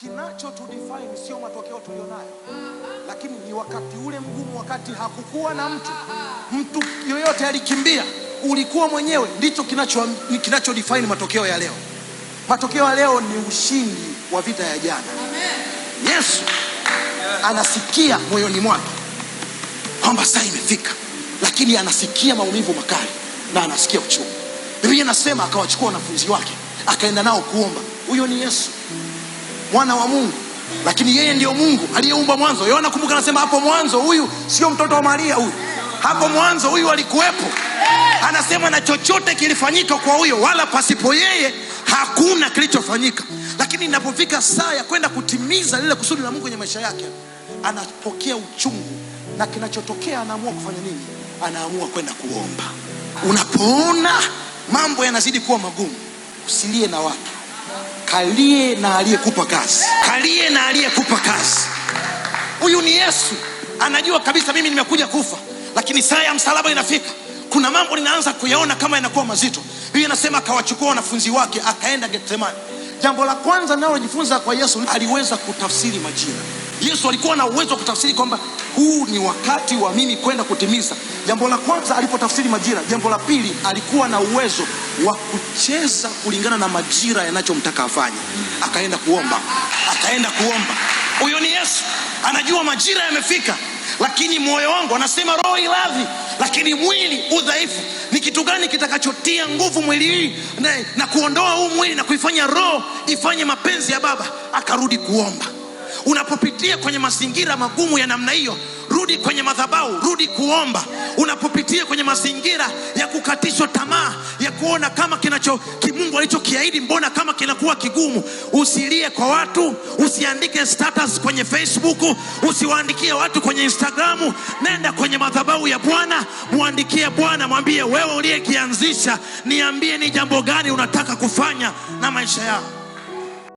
Kinachotudefine sio matokeo tulionayo, lakini ni wakati ule mgumu, wakati hakukuwa na mtu mtu yoyote alikimbia, ulikuwa mwenyewe, ndicho kinachodefine kinacho matokeo ya leo. Matokeo ya leo ni ushindi wa vita ya jana. Yesu anasikia moyoni mwake kwamba saa imefika, lakini anasikia maumivu makali na anasikia uchungu. Biblia inasema akawachukua wanafunzi wake akaenda nao kuomba. Huyo ni Yesu mwana wa Mungu, lakini yeye ndiyo Mungu aliyeumba mwanzo. Yohana, anakumbuka anasema hapo mwanzo, huyu sio mtoto wa Maria, huyu hapo mwanzo huyu alikuwepo. Anasema na chochote kilifanyika kwa huyo, wala pasipo yeye hakuna kilichofanyika. Lakini inapofika saa ya kwenda kutimiza lile kusudi la Mungu kwenye maisha yake, anapokea uchungu na kinachotokea, anaamua kufanya nini? Anaamua kwenda kuomba. Unapoona mambo yanazidi kuwa magumu, usilie na watu kalie na aliyekupa kazi, kalie na aliyekupa kazi. Huyu ni Yesu, anajua kabisa mimi nimekuja kufa, lakini saa ya msalaba inafika, kuna mambo ninaanza kuyaona kama yanakuwa mazito. Biblia inasema akawachukua wanafunzi wake akaenda Getsemani. Jambo la kwanza nalojifunza kwa Yesu, aliweza kutafsiri majira. Yesu alikuwa na uwezo wa kutafsiri kwamba huu ni wakati wa mimi kwenda kutimiza. Jambo la kwanza alipotafsiri majira. Jambo la pili, alikuwa na uwezo wa kucheza kulingana na majira yanachomtaka afanye. Akaenda kuomba, akaenda kuomba. Huyo ni Yesu, anajua majira yamefika, lakini moyo wangu anasema roho iradhi, lakini mwili udhaifu. Ni kitu gani kitakachotia nguvu mwili hii na, na kuondoa huu mwili na kuifanya roho ifanye mapenzi ya Baba? Akarudi kuomba. Unapopitia kwenye mazingira magumu ya namna hiyo rudi kwenye madhabahu, rudi kuomba. Unapopitia kwenye mazingira ya kukatishwa tamaa, ya kuona kama kinacho kimungu alichokiahidi mbona kama kinakuwa kigumu, usilie kwa watu, usiandike status kwenye Facebook, usiwaandikie watu kwenye Instagramu. Nenda kwenye madhabahu ya Bwana, muandikie Bwana, mwambie wewe uliyekianzisha, niambie ni jambo gani unataka kufanya na maisha yao.